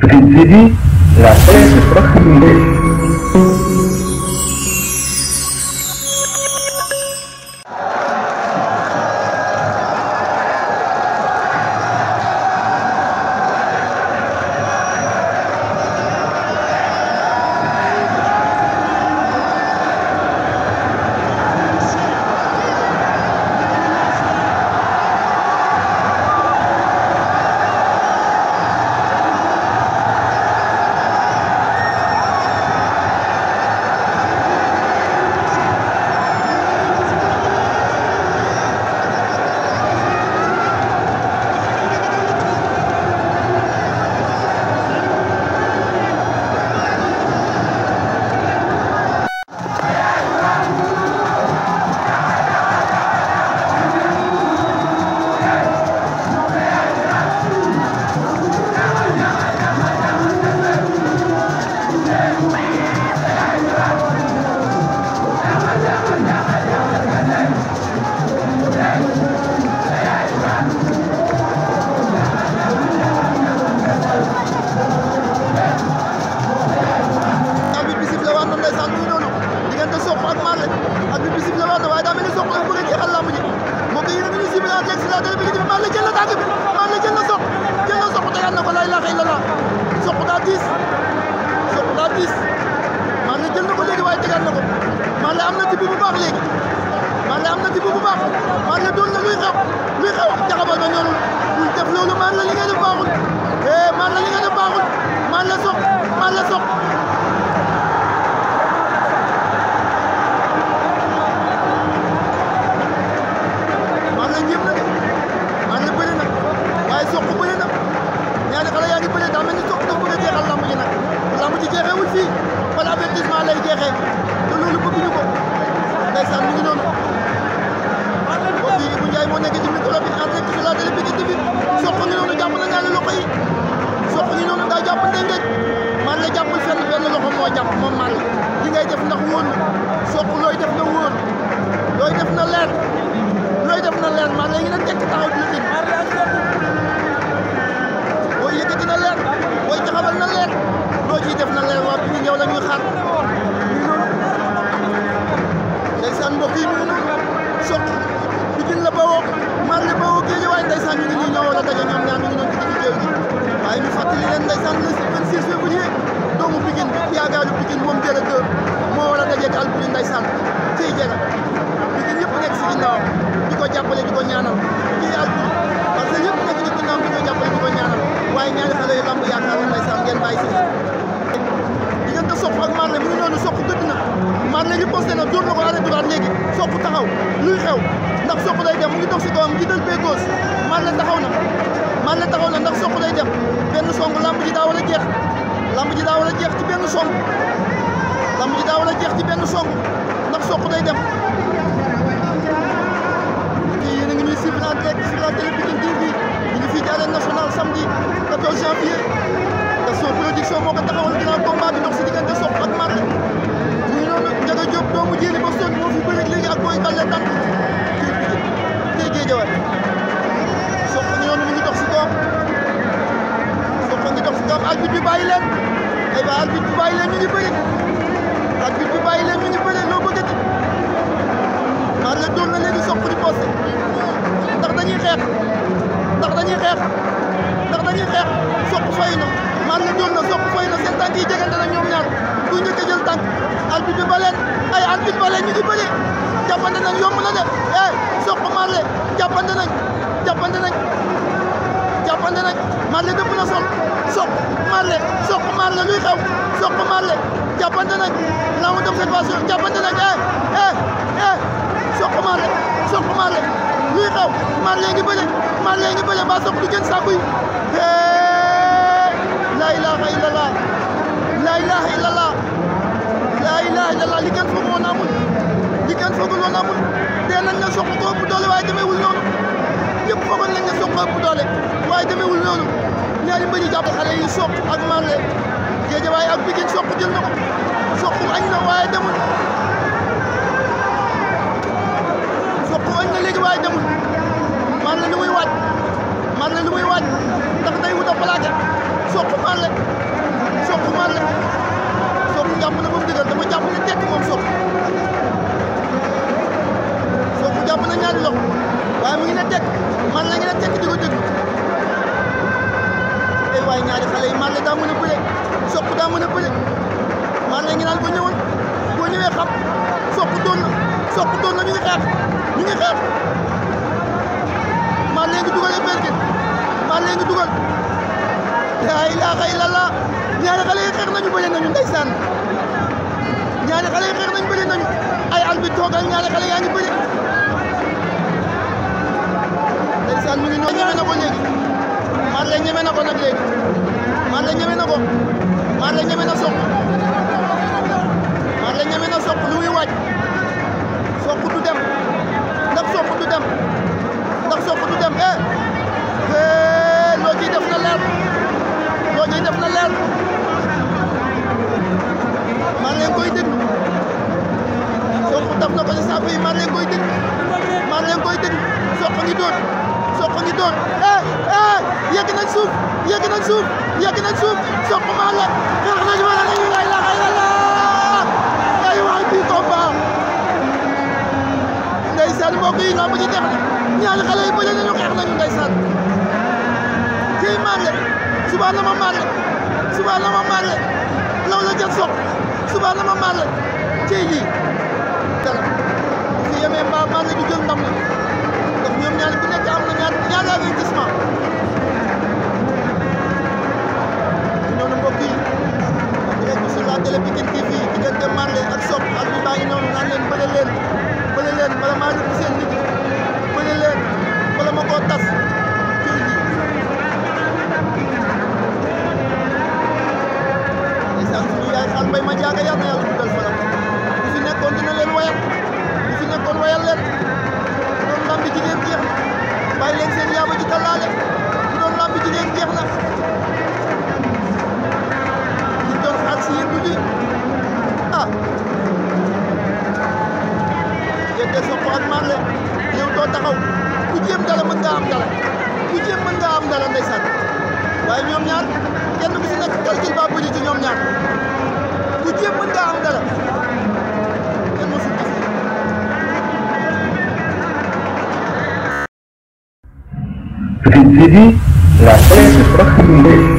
privilégie la paix de proximité. xew ndax soq lay dem mu ngi dox si kawam jiital pied gauche Marley taxaw na Marley taxaw na ndax soq lay dem benn song lamb ji daa a jeex lamb ji daa a jeex ci benn song lamb ji daa war a jeex ci benn song ndax soq lay dem. géwél soq ñu yoon mi ngi dox si koom soq ngi si koom arbitre bi bàyyi leen ay eh ba bi bàyyi leen ñu ngi loo bëggati maar la dóor na léegi soq di posté ndax dañuy xeex ndax dañuy xeex ndax dañuy xeex soq fay na maar na soq fay seen tànk yi jegante na ñoom ñaar ku njëkk a tànk arbitre bi ba ay arbitre ba ñu ngi bëri jàppante nañ yomb na de eh jàppante nañ jàppante nañ jàppante na sol Sokh Marley Sokh Marley luy xew Sokh Marley jàppante nañ lamb d'observation jàppante nañ eh eh eh Sokh Marley Sokh Marley luy xew Marley ngi bëre Marley ngi bëre mbaa Sokh du génn saako yi eh, la ilaha illallah la ilaha illallah la ilaha illallah li kenn foog moo naamul foogoon loolu amul dee nañ ne soq ko ëpp doole waaye demeewul noonu ñëpp foogoon nañ ne soq ko ëpp doole waaye demeewul noonu ñaari mbër yi jàpp xale yi soq ak Marley Guédiawaye ak Pikine soq jël na ko soq añ na waaye demul soq añ na léegi waaye demul Marley lu muy waaj Marley lu muy waaj ndax day wut a plaqué soq Marley soq Marley soq jàpp na ba mu dëgër dafa jàpp ne tekk moom soq mu ngi ñaari xale yi man la daa mën soq daa mën a bëre ngi naan boo ñëwoon boo ñëwee xam soq doon soq doon ñu ngi xeex ñu ngi xeex man ngi dugal ay bergen man la ngi dugal laa ilaaha illallah ñaari xale yi xeex nañu bëre nañu ndeysaan ñaari xale yi xeex nañu bëre nañu ay al bi toogal ñaari xale yaa ngi Ndeysaan mu ñeme na ko léegi Marley ñeme na ko nag léegi Marley ñeme na ko Marley ñeme na Sokh Marley ñeme na Sokh lu waaj Sokh du dem ndax Sokh du dem ndax Sokh du dem eh eh loo ciy na leer loo ciy def na leer Marley na ko ci saabu yi Marley door eh eh yegg nañ suuf yegg nañ suuf yegg nañ suuf Sokh Maala xeex nañ wala nañu la ilaha illallah ay waay bi combat ndeysaan mbokk yi lamb ji def na ñaari xale yi bëri nañu xeex nañu ndeysaan kii maare suba la ma maare suba la ma maare law la jël Sokh suba la ma maare kii lii question ko ak man la yow doo taxaw ku jéem dara mën nga am dara ku jéem mën nga am dara ndeysaan waaye ñoom ñaar kenn ku si nekk calcul baa bëri ci ñoom ñaar ku jéem mën nga am dara kenn la prensa próxima